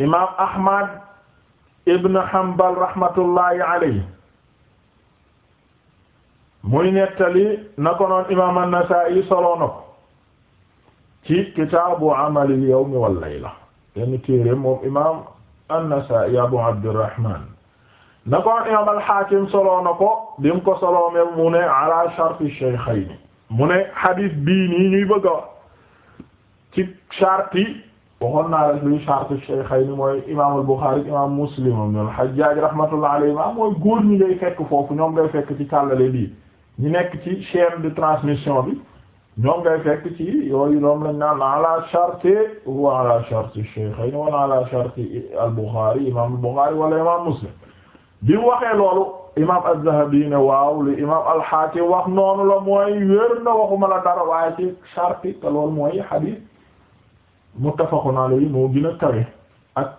imaam Ahmad ibn Hanbal rahmatullahi alayhi muy nettali na ko noon imaam an-Nasaa'i solo na ko ci kitaabu amalil yawmi wal layla yenn téere moom imaam an-Nasaa'i Abu Abdurrahman na ko noon imaam al-Haakim solo na ko bim ko solo me mu ne ala sharti shaykhayni mu ne hadith bii nii ñuy bëgg a ci sharti waxoon naa rek luy charte Shaykhayni mooy imaamul Bukhari imaam Muslim ibn al-Hajjaj rahmatullah alayhi ma mooy góor ñi ngay fekk foofu ñoom ngay fekk ci tàllale bii ñi nekk ci chaîne de transmission bi ñoom ngay fekk ci yooyu ñoom lañ naan ala charte wa ala charte Shaykhayni wa ala charte al-Bukhari imaam al-Bukhari wala imaam Muslim bi waxee loolu imaam az-Zahabi ne waaw li imaam al-Hakim wax noonu la mooy wér na waxuma la dara waaye ci charte te loolu mooy hadith muttafaqun alayhi moo gën a ak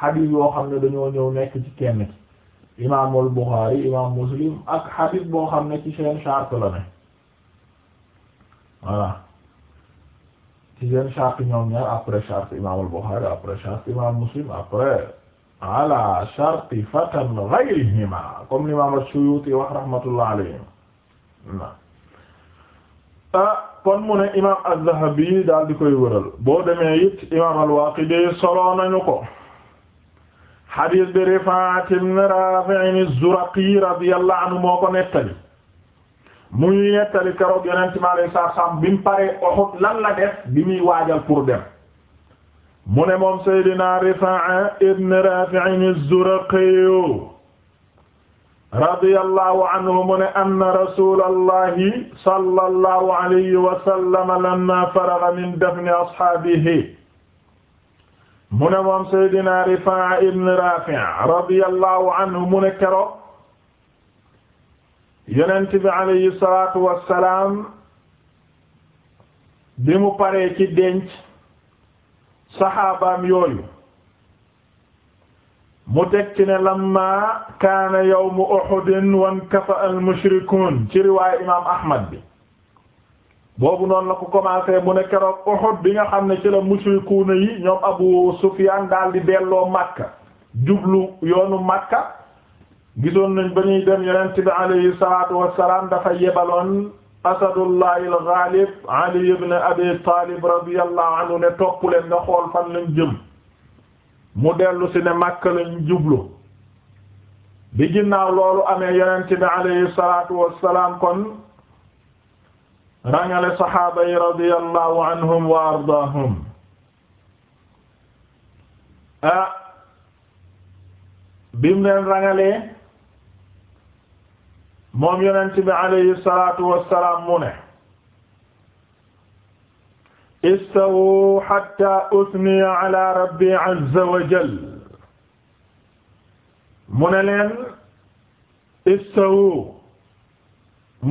xadis yoo xam ne dañoo ñëw nekk ci kenn ci imaamul Buxaari imaam Muslim ak xadis boo xam ne ci seen charte la ne voilà ci seen charte ñoom ñaar après charte imaamul Buxaari après charte imaam Muslim après ala sharti fatan ghayrihima comme l'imam Suyuti wax rahmatullah alayhi ah, kon mu ne imaam az-Zahabi daal di koy wëral boo demee it imaam al-Waaqidi solo nañu ko xadiis bi Rifaa'a ibn Raafi'in az-Zuraqi radiyallahu anhu moo ko nettali muy nettali keroog yonent mi alayhi salaatu salaam bi mu paree Uhud lan def bi muy waajal pour dem mu moom Seydina Rifaa'a ibn Raafi'in az-Zuraqi radiyallahu anhu mu ne anna rasulallahi sallallahu alayhi wa sallam lamma faraga min dafni ashaabihi mu ne moom Seydina Rifaa ibn Raafi' radiyallahu anhu mu ne kero yonent bi alayhi salaatu wassalaam bi mu paree ci denc saxaabaam yooyu mu tekki ne lamma kaana yawmu uhudin wankafa almushrikuun ci riwaayu imaam ahmad bi boobu noonu la ko commencé mu ne keroog uhud bi nga xam ne ci la mushrikuuna yi ñoom abu sufyaan daal di delloo makka jublu yoonu makka gisoon nañ ba ñuy dem yonent bi alayhi salaatu wassalaam dafa yebaloon asadullahi al-ghaalib ali ibn abi taalib radiyallahu anhu ne topp leen nga xool fan lañ jëm mu dellu si ne Makka lañ jublu bi ginnaaw loolu amee yonent bi alayhi salaatu wassalaam kon rangale saxaaba radiyallahu anhum wa ardaahum ah bim leen moom yonent bi alayhi salaatu wassalaam mu ne istawu hatta usniya ala rabbi azza wa jal mu ne leen istawu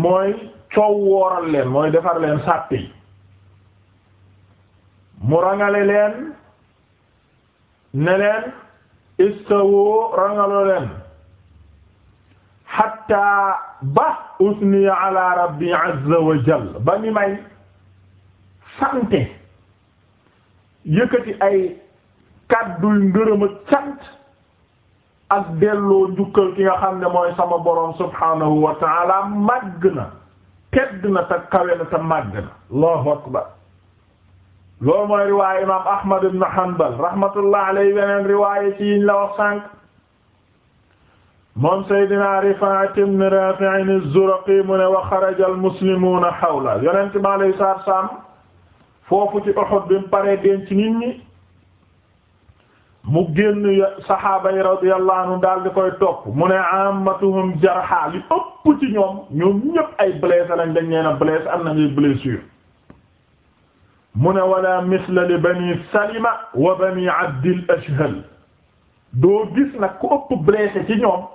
mooy coow wooral leen mooy defar leen sàppi mu rangale leen ne leen istawu rangalo leen hatta ba usniya ala rabbi azza wa jal ba mi may sante yëkkati ay kàdduy ngërëm ak cant ak delloo njukkal ki nga xam ne mooy sama boroom subhaanahu wa ta'ala màgg na tedd na te na te màgg na allahu akbar loolu mooy riwaaya imaam ahmad ibn hanbal rahmatullah alayhi weneen riwaaya ci la wax sànq moom seydina Rifaa'a ibn Raafi' mu ne wa xaraja al-muslimuuna hawla yonent foofu ci Uhud bi mu paree denc nit ñi mu génn saxaaba yi radiyallahu daal di koy topp mu ne amatuhum jarha li ëpp ci ñoom ñoom ñépp ay blessé lañ dañ neena blessé am nañuy blessure mu ne wala misla li bani salima wa bani abdil ashhal doo gis nag ku ëpp blessé ci ñoom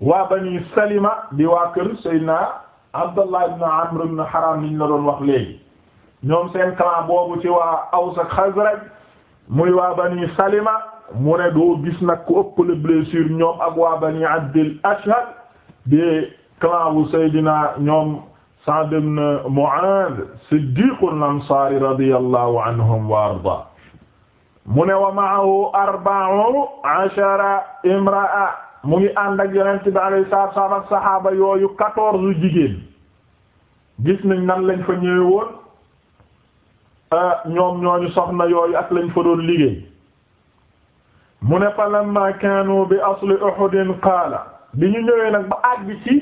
waa bani salima di waa kër Seydina abdallah ibn amr ibn haram liñ la doon wax léegi ñoom seen clan boobu ci waa Aws ak Xasraj muy waa Bani Salima mu ne doo gis ku ëpp le blessure ñoom ak waa Bani Abdil Ashhal di clan Seydina ñoom Sa'd ibn Mu'adh Siddiqul Ansari radiyallahu anhum wa arda mu ne ma'ahu arba'u ashara imra'a mu ngi ànd ak Yonent alayhi salaatu salaam ak saxaaba yooyu quatorze jigéen gis Ah, ñoom ñooñu soxna yooyu ak lañ fa doon liggéey mu ne falamma kaanu bi asli uhudin qaala bi ñu ñëwee nag ba àgg ci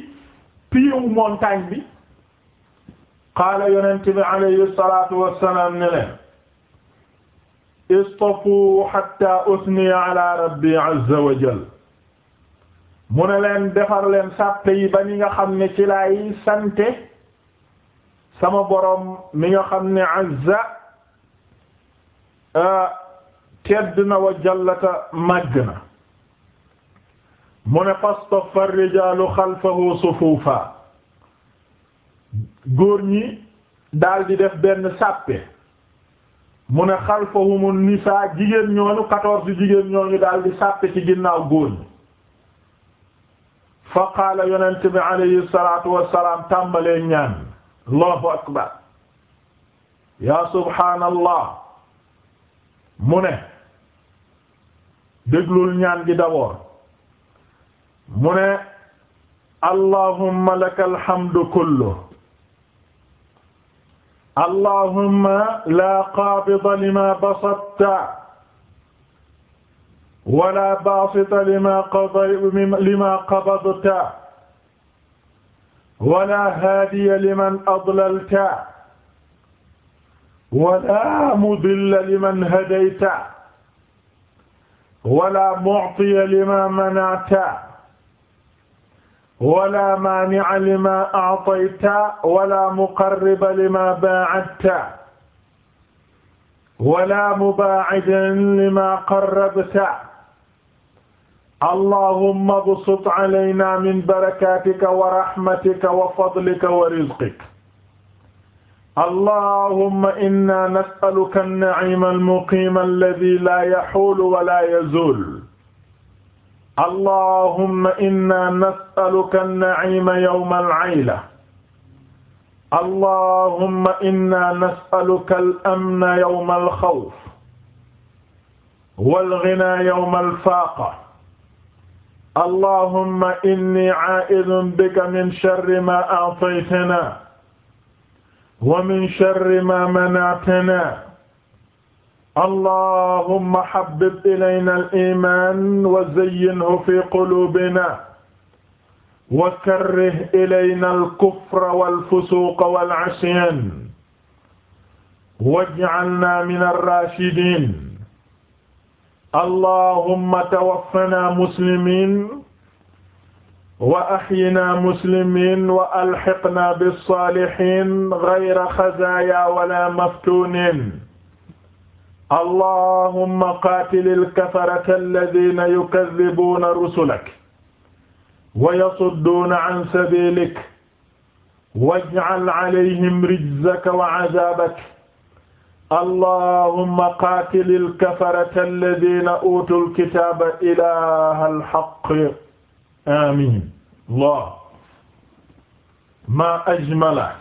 piiwu montagne bi qaala yonent bi alayhi salaatu wassalaam ne leen istafu hatta usniya ala rabbi azza wa jalla mu ne leen defar leen sàppe yi ba ñi nga xam ne ci lay sante sama boroom mi nga xam ne azza euh, tedd na wa jallata màgg na mu ne fastafa rijaalu xalfahu sufuufa góor ñi daldi def benn sàppe mu ne xalfahumu nisaa jigéen ñooñu quatorze jigéen ñooñu daldi sàppe ci ginnaaw góor ñi fa qaala yonent bi alayhi salaatu wassalaam tàmbalee ñaan allahu akbar yaa subhaanallah mu ne déglul ñaan gi d'abord mu ne allahumma lakal hamdu kulluhu allahumma la qaabida lima basatta wala baasita lima qadayta lima qabadta wala haadiya liman adlalta wala mudilla liman hadayta wala mu'tiya lima mana'ta wala maani'a lima a'tayta wala muqarriba lima baa'adta wala mubaa'idan lima qarrabta allahumma bsut alayna min barakatika wa rahmatika wa fadlika wa rizqika allahumma inna nas'aluka an-na'ima al-muqima alladhi la yahulu wa la yazul allahumma inna nas'aluka an-na'ima yawma al-'ayla allahumma inna nas'aluka al-amna yawma al-khawf wal-ghina yawma al-faqa allahumma inni caa'idun bika min sharri maa a'taytanaa wa min sharri maa mana'tanaa allahumma habbib ilayna al-iimaan wa zayyinhu fii quluubinaa wa karrih ilayna al-kufra wal-fusuuqa wal-'isyan waj'alnaa mina ar-raashidiin allahumma tawaffana muslimin wa ahyina muslimin wa alhiqna bis-salihin ghayra khazaya wala maftunin allahumma qaatilil kafarata alladhina yukadhibuna rusulak wa yasudduna an sabilik waj'al alayhim rijzaka wa 'adhabaka allahumma qaatilil kafarata alladina utul kitaaba ilaahal xaq amiin Allah maa ajmala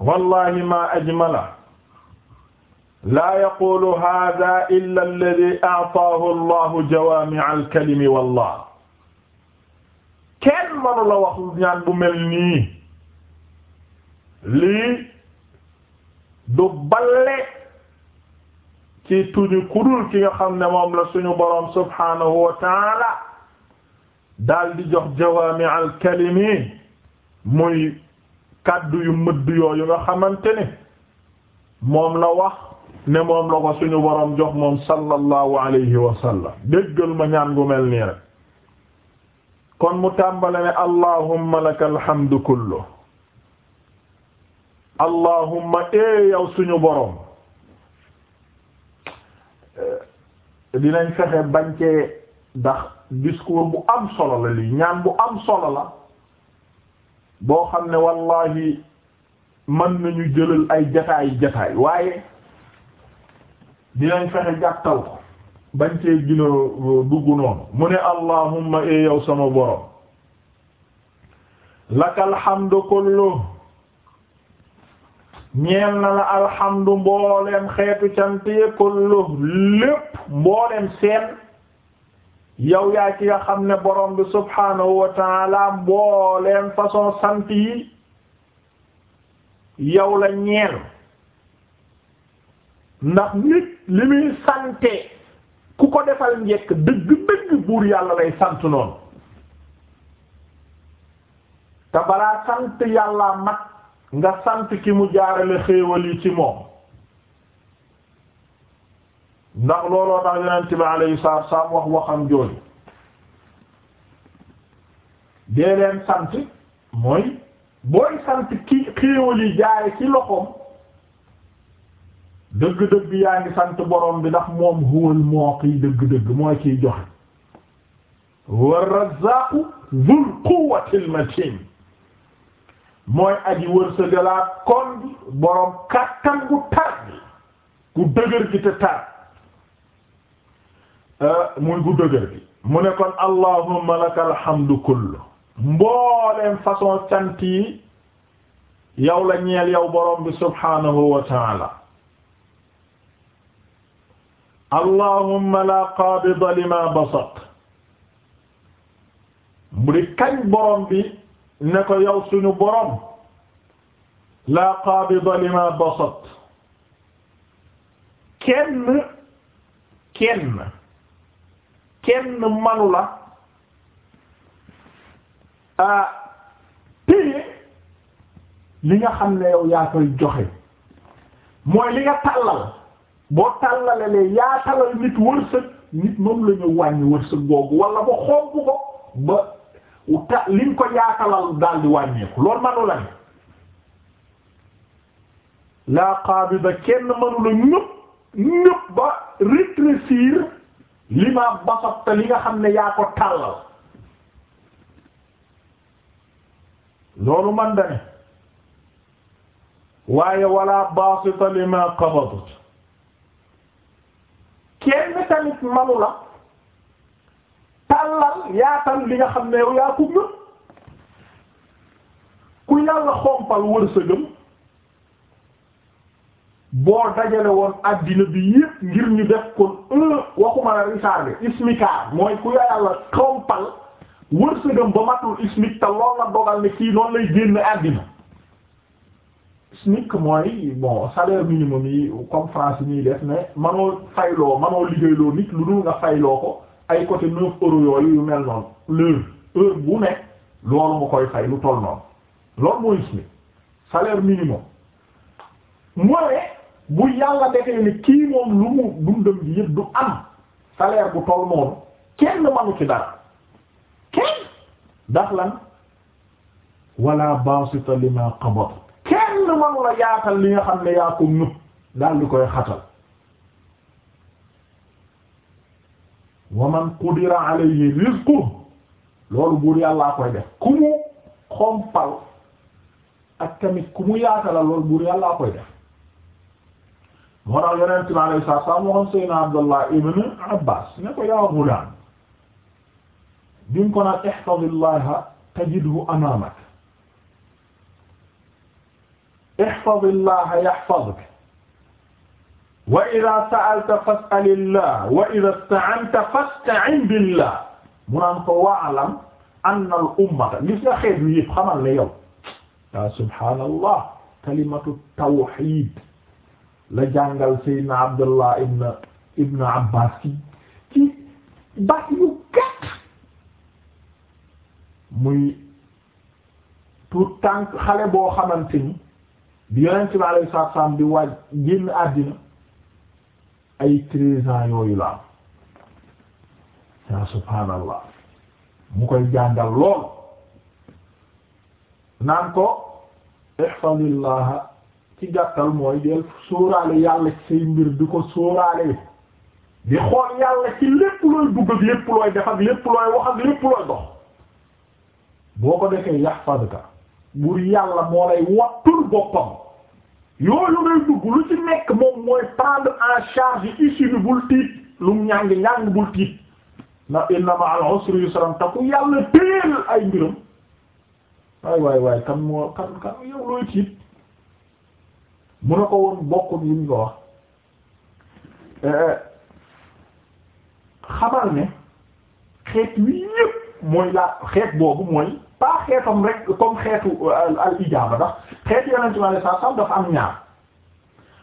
wallaahi maa ajmala laa yaqulu haaza illa alladii a'taahu Allahu jawaami'al kalimi wallaahi kenn mënu la wax ñaan bu mel nii lii. du balle ci tuñu kudul ki nga xam ne moom la suñu boroom subhaanahu wa taala daal di jox jawaami al kalimi muy kàddu yu mëdd yooyu nga xamante ne moom la wax ne moom la ko suñu boroom jox moom sallallahu alayhi wa sallam déggal ma ñaan gu mel nii kon mu tàmbale ne allahumma laka alhamdu kullu allahumma ee eh, yow suñu borom eh, dinañ fexe bañ cee ndax discours bu am solo la lii ñaan bu am solo la boo xam ne wallahi mën nañu jëlal ay jataay jataay waaye dinañ fexe jàttal ko bañ cee gina euh, noonu mu ne allahumma ee eh, yow sama borom lakal hamdu ñeel na la alhamdu mbooleem xeetu cant yi kullu lépp mbooleem seen yow yaa ci nga xam ne borom bi subhaanahu wa taala mbooleem façon sant yi yow la ñeel ndax nit li muy sante ku ko defal njekk dëgg-dëgg buur yàlla lay sant noonu te balaa sant yàlla mat nga sant ki mu jaarale xéewal yi ci moom ndax looloo tax yonent bi alayhi wax waxam jooju dee sant mooy booy sant ki xéewal yi jaare ci loxoom dëgg-dëgg yaa ngi sant borom bi ndax moom huwal muqi dëgg-dëgg mooy kiy joxe war razzaqu dhul quwwatil matin mooy aji wërsëgalaat kon bi boroom kàttan gu tar bi gu dëgër gi te tar euh, muy gu dëgër gi mu ne kon allahumma lakal hamdu kullu mbooleem façon cant yi yow la ñeel yow boroom bi subhaanahu wa taala allahumma la qaabida lima basat mu di kañ boroom bi ne ko yow suñu borom laa qaabida lima basat kenn kenn kenn manu la a téye li nga xam ne yow yaa koy joxe mooy li nga tàllal boo tàllalalee yaa tàllal nit wërsëg nit moom la ñu wàññi wërsëg googu wala ba xomb ko ba uta liñ ko yaatalal daal di wàññeeku loolu manu la laa qaabida kenn manu la ñëpp ñëpp ba rétrécir li ma basatta li nga xam ne yaa ko tàllal loolu man dane waaye wala baasita li ma qabadat kenn tamit manu tàllal yaatal li nga xam ne yow yaa kub na ku yàlla xompal wërsëgam boo dajale woon addina bi yépp ngir ñu def kon un waxuma la risaar bi mooy ku yàlla xompal wërsëgam ba matul ismik te lool la dogal ne kii noonu lay génn addina ismik mooy bon salaire minimum yi comme France ñuy def ne manoo fayloo manoo liggéeyloo nit lu dul nga fayloo ko ay côté neuf euros yooyu yu mel noonu l'heure heure bu ne loolu nga koy fay lu toll noonu loolu mooy ismi salaire minimum mooy bu yàlla defee ne kii moom lu mu dundam gi yëpp du am salaire bu toll noonu kenn manu ci dara kenn ndax lan wala basita li ma qabat kenn manu la yaatal li nga xam ne yaa ko nut daal di koy xatal wa man qudira alayhi rizquhu loolu buur yàllaa koy def ku mu xompal ak tamit ku mu yaatala loolu buur yàllaa koy def moo tax yonent bi alayhi salaatu salaam waxoon Seydina Abdullah ibn Abbas ne ko yaa ghulam di nga ko naan ihfazillaha tajidhu amaamak ihfazillaha yahfazuk wa idha sa'alta fas'alillah wa idha ista'anta fasta'in billah mu naan ko wa'lam anna al ummata gis nga xeet yu yëpp xamal ne yow ya subhaanallah kalimatu tawhid la jàngal sayyidina Abdullah ibn ibn Abbas ci ci baat yu gàtt muy tout tànk xale boo xamante ni bi yonent bi alayhi salaatu wa salaam di waaj génn àddina ay treize ans yooyu la yaa subhaanallah mu koy jàngal lool naan ko ihfazillah ci gàttal mooy del sóoraale yàlla ci say mbir di ko sóoraale di xool yàlla ci lépp looy dugg lépp looy def lépp looy wax lépp looy dox boo ko defee yahfazka buur yàlla moo lay wattul boppam yooyu ngay dugg lu ci nekk moom mooy prendre en charge issue bul tiit lu mu ñàng ñàng bul tiit na inna ma'al usri yusran te ku yàlla teel ay mbiram waay waay waay kan moo kan kan looy tiit mun a ko woon bokkut yi ñu ko wax eh, eh, xamal ne xeet wi yépp mooy laa xeet boobu mooy pas xeetam rek comme xeetu euh, al ijaaba xeet yonente bi alei sat slam dafa am ñaar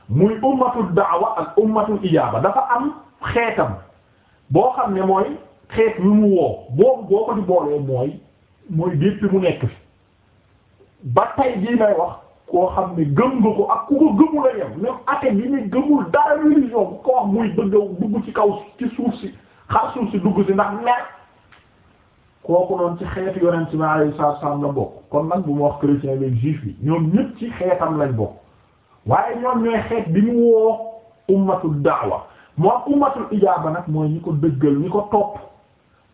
muy ummatu daawa ak ummatu ijaaba dafa am xeetam boo xam ne mooy xeet yu mu woo boobu boo ko di boolee mooy mooy déppi mu nekk fi ba tay jii may wax koo xam ne gëm nga ko ak ku ko gëmul a yem ate bi ñu gëmul dara religion bu ko wax muy bëgg a dugg ci kaw ci suuf si xar suuf si dugg si ndax mer kooku noonu ci xeetu yonent bi alayhi salaam la bokk kon nag bu ma wax chrétien bi juif yi ñoom ñëpp ci xeetam lañ bokk waaye ñoom ñooy xeet bi mu woo ummatul da'wa moo ummatul ijaaba nag mooy ñi ko dëggal ñi ko topp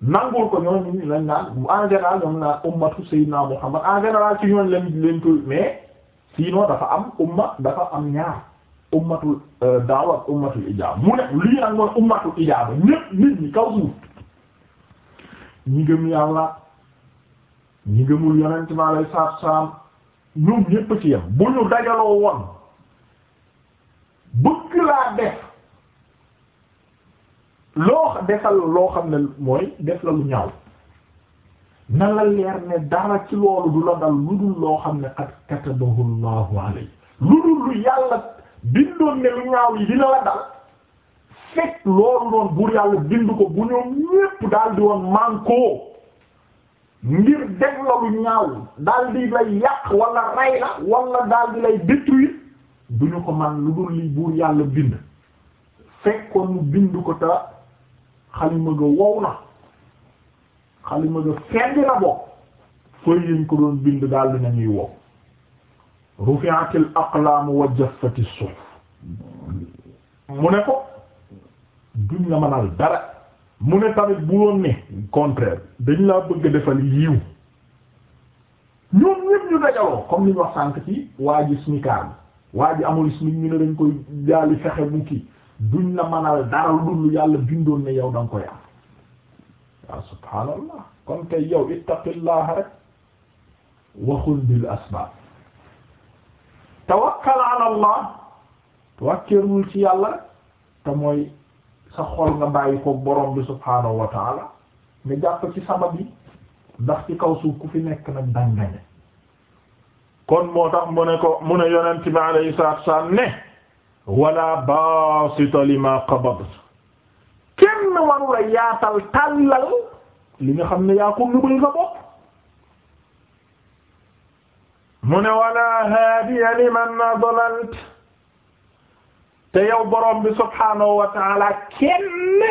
nangul ko ñooñu lañ naan en général ñoom naan ummatu sayyidina Muhammad en général ci ñooñ lañ leen ko mais sinon dafa am umma dafa am ñaar ummatul euh, da'wa ak ummatul ijaaba mu ne lii nag mooy ummatul ijaaba ñëpp nit ñi kaw suuf. ñi gëm yàlla ñi gëmul yonent bi alayhi salaatu ci yam bu ñu dajaloo woon bëgg laa def loo defal loo xam ne mooy def la lu ñaaw na la leer ne dara ci loolu du la dal lu dul loo xam ne qad katabahu lu dul lu yàlla bindoon ne lu ñaaw yi dina la dal fekk loolu noonu buur yàlla bind ko bu ñoom ñépp daal di woon mànkoo ngir deg la lu ñaaw daal lay yàq wala rey la wala daal di lay détruire du ñu ko man lu dul li buur yàlla bind fekkoon mu bind ko te xalima ga wow na xalima ga fendi na bokk fëy yañ ko doon bind daal di nañuy wow rufi'atil aqlaam wa jaffati suhuf mu ne ko duñ la mënal dara mu ne tamit bu woon ne contraire dañ laa bëgg defal yiw ñoom ñëpp ñu dajaloo comme li wax sànk ci waa ji smikaar bi waa ji amul smik ñu ne dañ koy jaali fexe bu kii duñ la mënal dara lu dul yàlla bindoon ne yow da koy am waaw subhaanallah kon kay yow ittaqillaha rek waxul bil asbaab tawakkal ala allah tawakkalul ci yàlla te mooy sa xol nga bàyyi ko borom ci sabab ci kaw suuf nekk nag kon moo tax mu ne ko mu ne yonent bi alayhi salaatu wasalaam ne wala baasita lima qabad kenn warula yaatal li nga xam ne yaa ko lubal sa bopp mu ne wala haadiya liman adlalta te yow borom bi subhaanahu wa taala kenn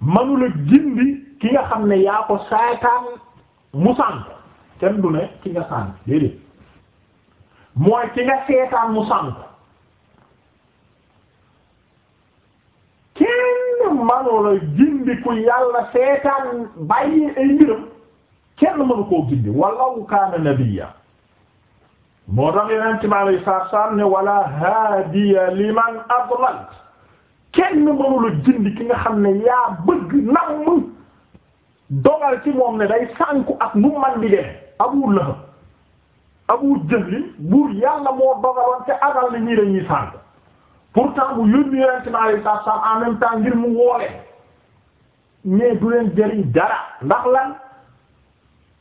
manula gindi ki nga xam ne yaa ko saytaan mu sànk kenn du ne ki nga sànk déedéet mooy ki nga seetaan mu sànk kenn manula gindi ku yàlla seetaan bàyyi ay mbiram kenn manu koo gindi walaw kaana nabiyya moo tax yeneen ci maanaam saa saa ne wala haadiya liman adlal kenn mënula jindi ki nga xam ne yaa bëgg namm dogal ci moom ne day sànku ak nu man di dem Abu Lahab Abu Jahl buur yàlla moo dogaloon te agal na ñii dañuy sànku pourtant mu yónni yeneen ci maanaam saa saa en ngir mu woole mais du leen dara ndax lan.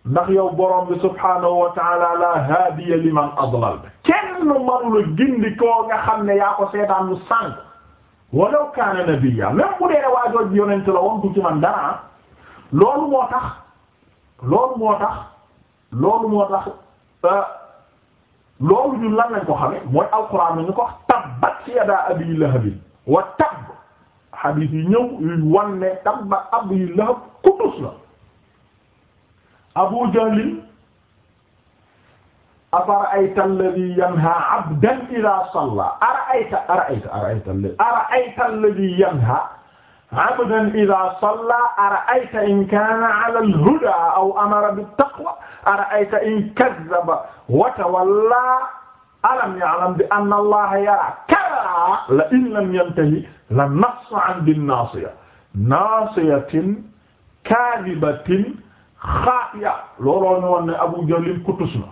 ndax yow borom bi subhaanahu wa taala la haadiya liman adlal kenn manu la gindi koo nga xam ne yaa ko seetaan mu sànk walaw kaana nabiyya même bu waajooj bi yonent la woon du ci man dara loolu moo tax loolu moo tax loolu moo tax euh, loolu ñun lan ko xame mooy alquran ñu ko wax tabbat yada abi lahabin wa tabb hadith yi ñëw yuy wan ne lahab kutus la abu jahlin afara'ayta alladhi yanha abdan idha salla ara'ayta ara'ayta ara'ayta alladhi ara'ayta alladhi yanha abdan idha salla ara'ayta in kana 'ala al-huda aw amara bit-taqwa ara'ayta in kazzaba wa tawalla alam ya'lam bi anna allaha yara kalla la'in lam yantahi lanaqta'anna bin-naasiya naasiyatin kaadibatin xaafiya looloo ñu woon ne Abu Jalil kutus na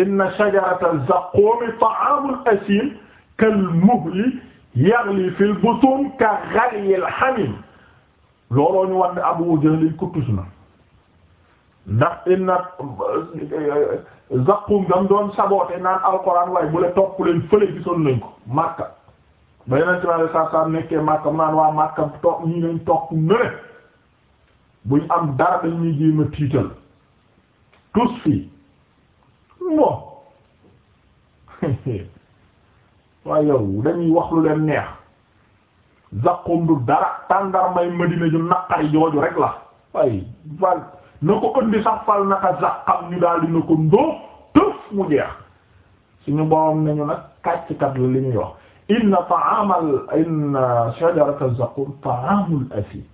inna shajarata zaqqum ta'amul asim kal muhli yaghli fil butun ka ghali al hamim looloo ñu Abu Jalil kutus na ndax inna euh, zaqqum dam doon saboote naan alquran waaye bu le topp leen fële gisoon ko Makka ba yeneen ci ma nekkee Makka mu naan waa Makka topp ñu ngi buñ am dara dañuy jéem a tiital fii non waaye yow dañuy wax lu leen neex zaqum du dara tàndarmay madina ju naqari jooju rek la waaye fal na ko ëndi sax fal naka zaqam ñu daal dina ko ndóof tëf mu jeex suñu borom nañu nag kàcckat la li ñu wax inna ta'amal inna shajarata zaqum ta'amul asim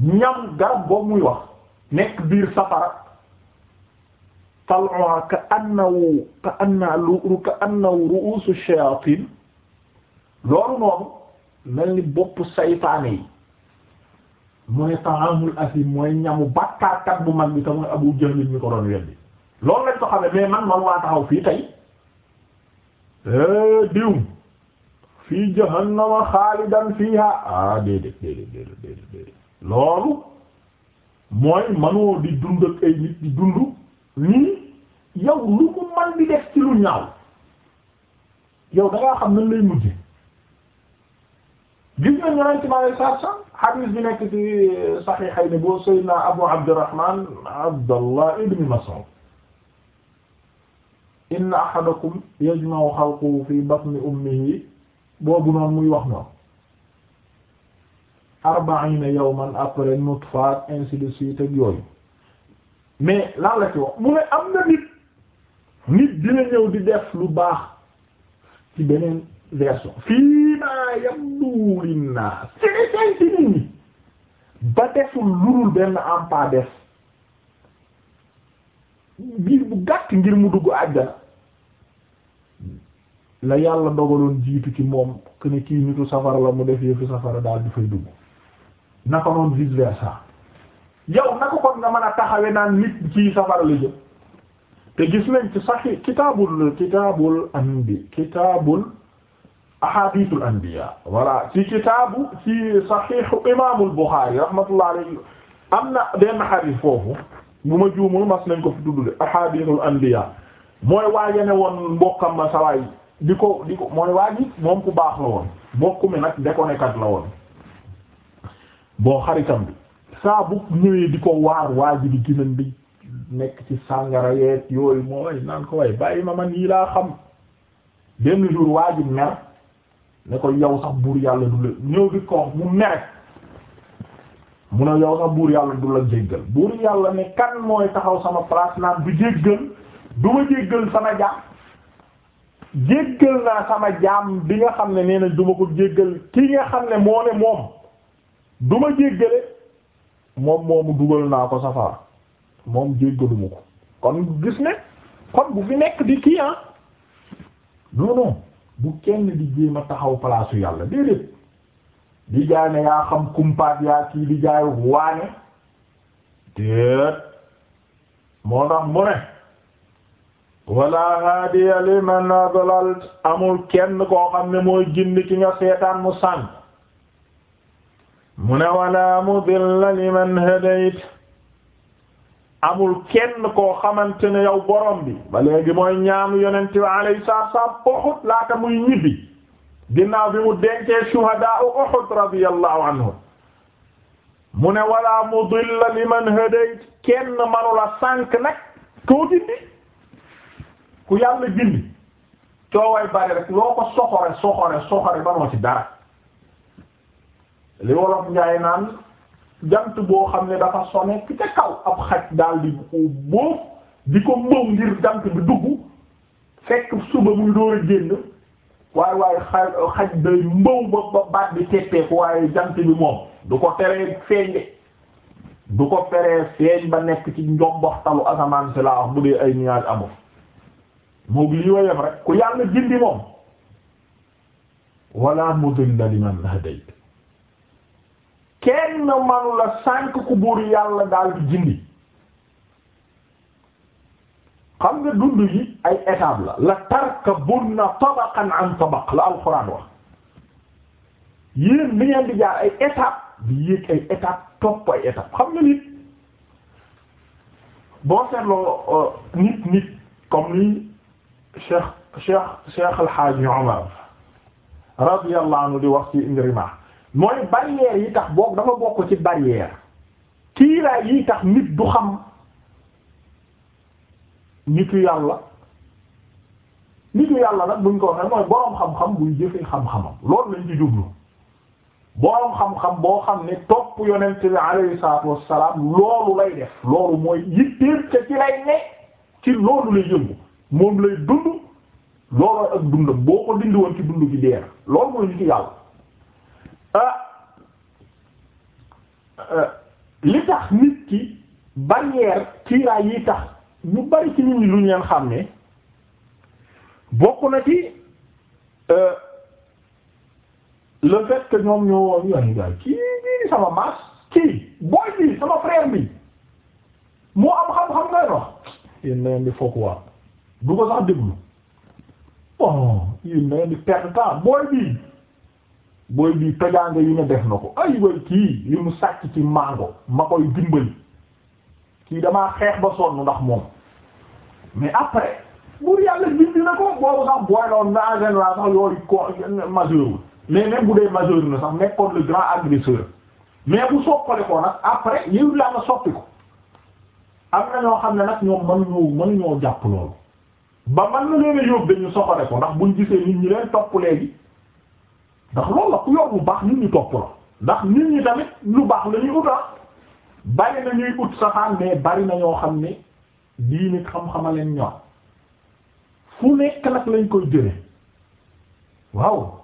ñam garab boobu muy wax nekk biir safara tal'uha ka annahu ka anna lu ka annahu ru'usu shayatin loolu noonu mel ni boppu saytaane yi mu ne ta'amul mooy ñamu bàkkaarkat bu mag bi te mooy Abu Jahl ñu ko doon weddi loolu lañ ko xamee mais man man taxaw fii tey eh, diw fii jahannama xaalidan fiiha ah déedéet déedéet déedéet loolu mooy manoo di dund ak ay nit di dund nii yow lu man di def ci yow da ngaa xam nan lay mujje gis nga ñonente mi alei satu salam hadis bi nekk ci Sahihayni boo Sayyidina Abu Abdurrahman Abdallah ibn Mas'ud inna ahadakum yajma'u khalquhu fi batni ummihi boobu noonu muy wax noonu arbaina yawman après nutfaat ainsi de suite ak yooyu mais lan la ci wax mu ne am na nit nit dina ñëw di def lu baax ci beneen version fii maa yabdu linnaas ci seen ci nit ñi ba deful lurul benn ampa def biir bu gàtt ngir mu dugg àjjana la yàlla dogaloon jiitu ci moom que ne kii nitu safara la mu def yëfu safara daal di fay dugg naka noonu vice versa yow naka ko nga man a taxawe naan nit ci safara la jëm te gis nañ ci saxi kitaabul kitaabul anbi kitaabul ahadithul anbiya voilà ci kitaabu ci saxiixu imaamul Buxaari rahmatullah alayhi am na denn xadis foofu bu ma juumul mas nañ ko fi tuddule ahadithul anbiya mooy waaja ne woon mbokkam ma sawaay di ko di ko mooy waaji moom ku baax la woon mbokk mi nag dékonekat la woon boo xaritam bi saabu bu ñëwee di ko waar waa ji di ginan di nekk ci sàngara yeet yooyu mooy naan ko way bàyyi ma man yi laa xam benn jour waa ji ne ko yow sax buur yàlla du la ñëw di ko buur yàlla du la jéggal buur yàlla ne kan mooy taxaw sama place naan du jéggal du ma jéggal sama jaam jéggal naa sama jaam bi nga xam ne nee na du ma ko jéggal ki nga xam ne moo ne moom du ma jéggale moom moomu dugal naa ko safara moom jéggaluma ko kon gis ne kon bu fi nekk di kii ah non bu kenn di jéem a taxaw place yu yàlla déedéet di jaay ne yaa xam kumpaat yaa kii di jaay waane déet moo tax mu ne wala hadiya liman adlal amul kenn koo xam ne mooy gindi ki nga seetaan mu sànk mu ne wala mudilla liman hadayt amul kenn koo xamante ne yow borom bi ba léegi mooy ñaanu yonent bi alayhi salaatu salaam Uhud muy ñibbi ginnaaw bi mu dencee shuhadaa Uhud radiyallahu anhu mu ne wala mudilla liman hadayt kenn manu la sànq nag tuuti bi ku yàlla gindi cooway bari rek loo ko soxore soxore soxore banoo ci li wolof njaay naan jant boo xam ne dafa sone ki ca kaw ab xaj daal di ko boof di ko mbëw ngir jant bi dugg fekk suba muy door a génn waaye waaye xaj day mbëw ba ba baat bi teppeeku waaye jant bi moom du ko teree feeñ du ko teree feeñ ba nekk ci njomboxtalu asamaan si laa wax bu dee ay nuage amul moog lii wayam rek ku yàlla jindi moom wala mudilla liman hadayt kenn manu la sànk ku buur yàlla daal di jindi xam nga dund yi ay étape la la tarkabunna tabaqan an tabaq la alxuraan wax yéen li ngeen di jaar ay étape di yéeg ay étape topp ay étape xam nga nit boo seetloo euh, nit nit comme ni cheikh cheikh cheikh alxaaji Umar radiyallahu anhu di wax ci Ikrima mooy barrière yi tax boog dafa bokk ci barrière kiiraay yi tax nit du xam nitu yàlla nitu yàlla nag buñ ko waxee mooy boroom xam-xam buy jëfee xam-xamam loolu lañ ci jublu boroom xam-xam boo xam ne topp yonent bi alayhi salaatu wassalaam loolu lay def loolu mooy yitteer ca ci lay ne ci loolu lay yëngu moom lay dund looloo ak dundam boo ko dindi woon ci dund gi deer loolu mooy nitu yàlla Ah. Euh, li tax nit ki barrière kiiraay yi tax ñu bari ci nit ñi lu ñu leen xam ne bokk na ci euh, le fait que ñoom ñoo ñu daal kii bii sama maas kii booy bi sama frère bi moo am xam-xam ngay wax yéen na ngeen di fokk waa du ko sax déglu bon oh, yéen na ngeen di perdre temps booy bii booy bii tojaange yi ne def na ko ay way kii li mu sàcc ci mango ma koy dimbali kii damaa xeex ba sonn ndax moom mais après buur yàlla dindi na ko boobu sax booy loon na en général sax yooyu ko majeur wul mais même bu dee majeur na sa nekkoon le grand agresseur mais bu soppale ko nag après yiw la nga soppi ko am na ñoo xam ne nag ñoom mënuñoo mënuñoo jàpp loolu ba mën na leen a yóbbee ñu soxore ko ndax buñ gisee nit ñi leen léegi ndax loolu la ku yor bu baax nit ñi topp la ndax nit ñi tamit lu baax la ñuy ut ah bari na ñuy ut safaan mais bari na ñoo xam ne diine xam-xama leen ñor fu nekk nag lañ koy jële waaw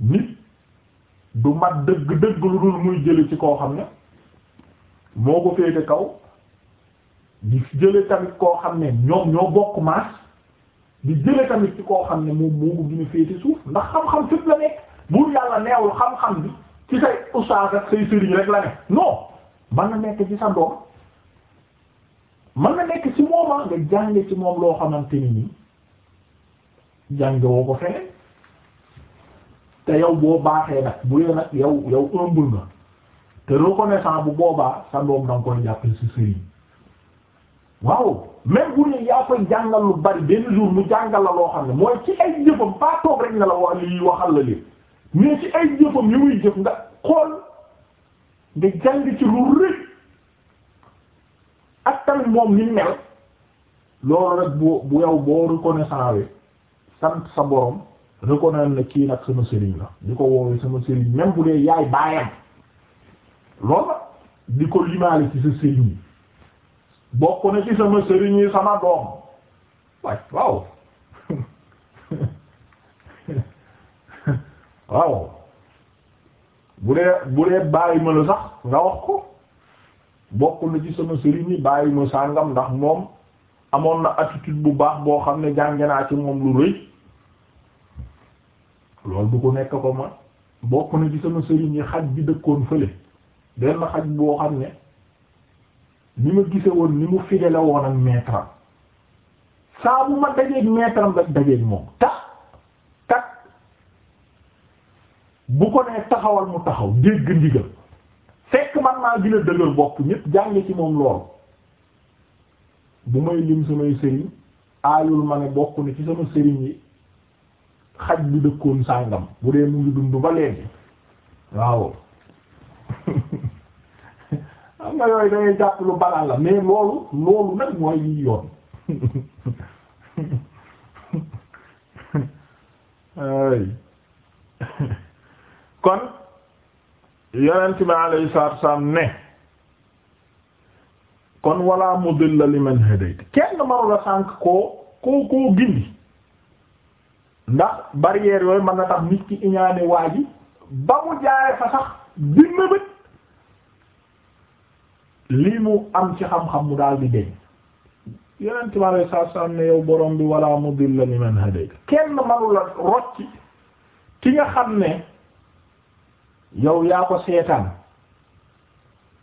nit du mat dëgg dëgg lu dul muy jële ci koo xam ne moo ko féete kaw di jële tamit koo xam ne ñoom ñoo bokk maas di jële tamit ci koo xam ne moom moo ko gën féete suuf ndax xam-xam fépp la nekk buur yàlla neewul xam-xam bi ci say ustaas ak say sëriñ rek la ne non mën na nekk ci sa doom mën na nekk ci mooma nga jànge ci moom loo xamante ni nii jànge woo ko feneen te yow boo baaxee nag bu dee nag yow yow ëmbul nga te reconnaissant bu boobaa sa doom da nga koy jàppale ci sëriñ waaw même bu ne yaa koy jàngal lu bari benn jour mu jàngal la loo xam ne mooy ci ay jëfam ba toog rek na la wax lii waxal la lii mais ci ay jëfam yu muy jëf nga xool nga jàng ci lu rëy ak tamit moom ni mel loolu rek bu bu yow boo reconnaissant we sant sa borom reconnaître na kii nag sama sëriñ la di ko woowee sama sëriñ même bu dee yaay baayam loolu la di ko limaale ci sa sëriñ yi bokk na ci sama sëriñ yi sama doom waay waaw waaw bu dee bu dee bàyyi ma la sax nga wax ko bokk na ci sama sëriñ yi bàyyi ma sàngam ndax moom amoon na attitude bu baax boo xam ne jànge naa ci moom lu rëy loolu du ko nekk ko ma bokk na ci sama sëriñ yi xaj bi dëkkoon fële benn xaj boo xam ne ni ma gise ni mu fidèle woon ak maître am ma dajeeg maître am moom tax tax bu ko nee taxawal mu taxaw dégg ndigal fekk man maa gën a dëgër bopp ñépp jànge ci moom lool bu may lim samay sëriñ aayul ma ne bokk na ci sama sëriñ yi xaj bi dëkkoon sàngam bu dee mu ngi dund ba léegi waaw nga yooyu dangay jàpp lu balaa la mais loolu loolu nag mooy lii yoon ay kon yonent mi alayhi salaatu wassalaam ne kon wala mudilla liman hadayta kenn manula sànk koo koo koo gindi ndax barrière yooyu mën na tax nit ki iñaane waa ji ba mu jaare fa sax dina bët li mu am ci xam-xam mu daal di deñ yeneen mi alei saatu salaam ne borom bi wala mudilla liman hadayta kenn manu la rocci ki nga xam ne yow yaa ko seetaan